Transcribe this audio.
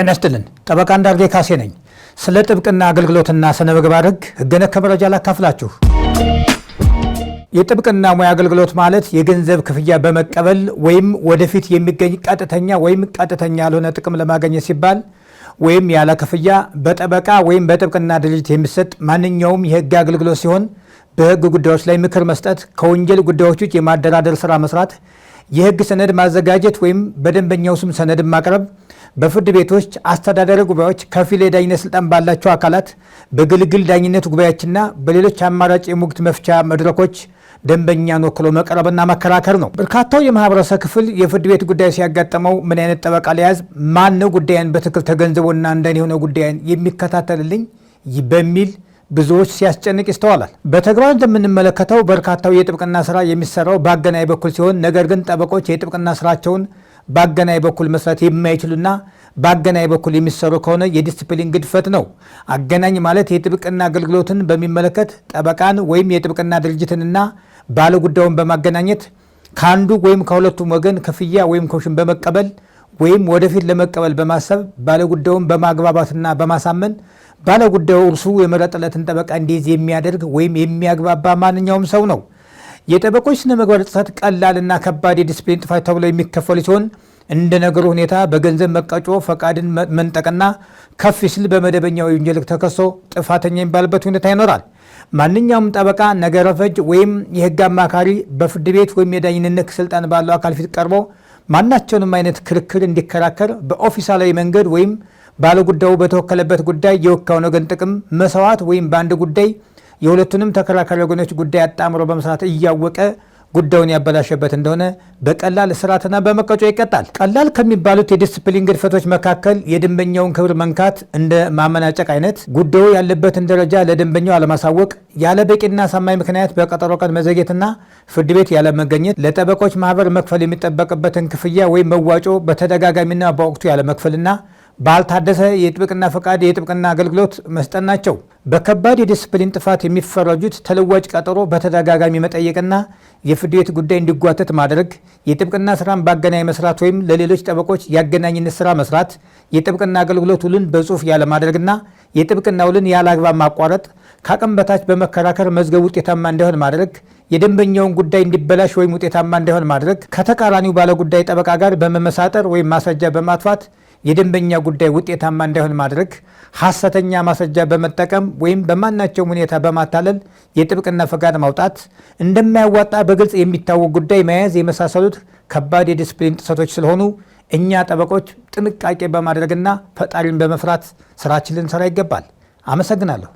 ጤና ይስጥልን። ጠበቃ አንዳርጌ ካሴ ነኝ። ስለ ጥብቅና አገልግሎትና ስነ ምግባር ሕግ ከመረጃ ነክ መረጃ ላካፍላችሁ። የጥብቅና ሙያ አገልግሎት ማለት የገንዘብ ክፍያ በመቀበል ወይም ወደፊት የሚገኝ ቀጥተኛ ወይም ቀጥተኛ ያልሆነ ጥቅም ለማገኘት ሲባል ወይም ያለ ክፍያ በጠበቃ ወይም በጥብቅና ድርጅት የሚሰጥ ማንኛውም የሕግ አገልግሎት ሲሆን በህግ ጉዳዮች ላይ ምክር መስጠት፣ ከወንጀል ጉዳዮች ውጭ የማደራደር ስራ መስራት፣ የህግ ሰነድ ማዘጋጀት ወይም በደንበኛው ስም ሰነድ ማቅረብ፣ በፍርድ ቤቶች፣ አስተዳደሪ ጉባኤዎች፣ ከፊል የዳኝነት ስልጣን ባላቸው አካላት፣ በግልግል ዳኝነት ጉባኤዎችና በሌሎች አማራጭ የሙግት መፍቻ መድረኮች ደንበኛን ወክሎ መቅረብና መከራከር ነው። በርካታው የማህበረሰብ ክፍል የፍርድ ቤት ጉዳይ ሲያጋጠመው ምን አይነት ጠበቃ ሊያዝ፣ ማን ነው ጉዳይን በትክክል ተገንዝቦና እንደኔ የሆነ ጉዳይን የሚከታተልልኝ በሚል ብዙዎች ሲያስጨንቅ ይስተዋላል። በተግባር እንደምንመለከተው በርካታው የጥብቅና ስራ የሚሰራው በአገናኝ በኩል ሲሆን ነገር ግን ጠበቆች የጥብቅና ስራቸውን በአገናኝ በኩል መስራት የማይችሉና በአገናኝ በኩል የሚሰሩ ከሆነ የዲስፕሊን ግድፈት ነው። አገናኝ ማለት የጥብቅና አገልግሎትን በሚመለከት ጠበቃን ወይም የጥብቅና ድርጅትንና ባለጉዳዩን በማገናኘት ከአንዱ ወይም ከሁለቱም ወገን ክፍያ ወይም ኮሽን በመቀበል ወይም ወደፊት ለመቀበል በማሰብ ባለጉዳዩን በማግባባትና በማሳመን ባለጉዳዩ እርሱ የመረጠለትን ጠበቃ እንዲይዝ የሚያደርግ ወይም የሚያግባባ ማንኛውም ሰው ነው። የጠበቆች ስነ ምግባር ጥሰት ቀላልና ከባድ የዲስፕሊን ጥፋት ተብሎ የሚከፈሉ ሲሆን እንደ ነገሩ ሁኔታ በገንዘብ መቀጮ፣ ፈቃድን መንጠቅና ከፍ ሲል በመደበኛ ወንጀል ተከሶ ጥፋተኛ የሚባልበት ሁኔታ ይኖራል። ማንኛውም ጠበቃ ነገረ ፈጅ ወይም የህግ አማካሪ በፍርድ ቤት ወይም የዳኝነት ስልጣን ባለው አካል ፊት ቀርቦ ማናቸውንም አይነት ክርክር እንዲከራከር በኦፊሳላዊ መንገድ ወይም ባለጉዳዩ በተወከለበት ጉዳይ የወካውን ወገን ጥቅም መሰዋት ወይም በአንድ ጉዳይ የሁለቱንም ተከራካሪ ወገኖች ጉዳይ አጣምሮ በመስራት እያወቀ ጉዳዩን ያበላሸበት እንደሆነ በቀላል እስራትና በመቀጮ ይቀጣል። ቀላል ከሚባሉት የዲስፕሊን ግድፈቶች መካከል የደንበኛውን ክብር መንካት እንደ ማመናጨቅ አይነት፣ ጉዳዩ ያለበትን ደረጃ ለደንበኛው አለማሳወቅ፣ ያለ በቂና አሳማኝ ምክንያት በቀጠሮ ቀን መዘግየትና ፍርድ ቤት ያለመገኘት፣ ለጠበቆች ማህበር መክፈል የሚጠበቅበትን ክፍያ ወይም መዋጮ በተደጋጋሚና በወቅቱ ያለመክፈልና ባልታደሰ የጥብቅና ፈቃድ የጥብቅና አገልግሎት መስጠት ናቸው። በከባድ የዲስፕሊን ጥፋት የሚፈረጁት ተለዋጭ ቀጠሮ በተደጋጋሚ መጠየቅና የፍርድ ቤት ጉዳይ እንዲጓተት ማድረግ፣ የጥብቅና ስራን በአገናኝ መስራት ወይም ለሌሎች ጠበቆች የአገናኝነት ስራ መስራት፣ የጥብቅና አገልግሎት ውልን በጽሁፍ ያለማድረግና የጥብቅና ውልን ያለ አግባብ ማቋረጥ፣ ከአቅም በታች በመከራከር መዝገብ ውጤታማ እንዳይሆን ማድረግ፣ የደንበኛውን ጉዳይ እንዲበላሽ ወይም ውጤታማ እንዳይሆን ማድረግ፣ ከተቃራኒው ባለጉዳይ ጠበቃ ጋር በመመሳጠር ወይም ማስረጃ በማጥፋት የደንበኛ ጉዳይ ውጤታማ እንዳይሆን ማድረግ፣ ሐሰተኛ ማስረጃ በመጠቀም ወይም በማናቸውም ሁኔታ በማታለል የጥብቅና ፈቃድ ማውጣት፣ እንደማያዋጣ በግልጽ የሚታወቅ ጉዳይ መያዝ የመሳሰሉት ከባድ የዲስፕሊን ጥሰቶች ስለሆኑ እኛ ጠበቆች ጥንቃቄ በማድረግና ፈጣሪን በመፍራት ስራችን ልንሰራ ይገባል። አመሰግናለሁ።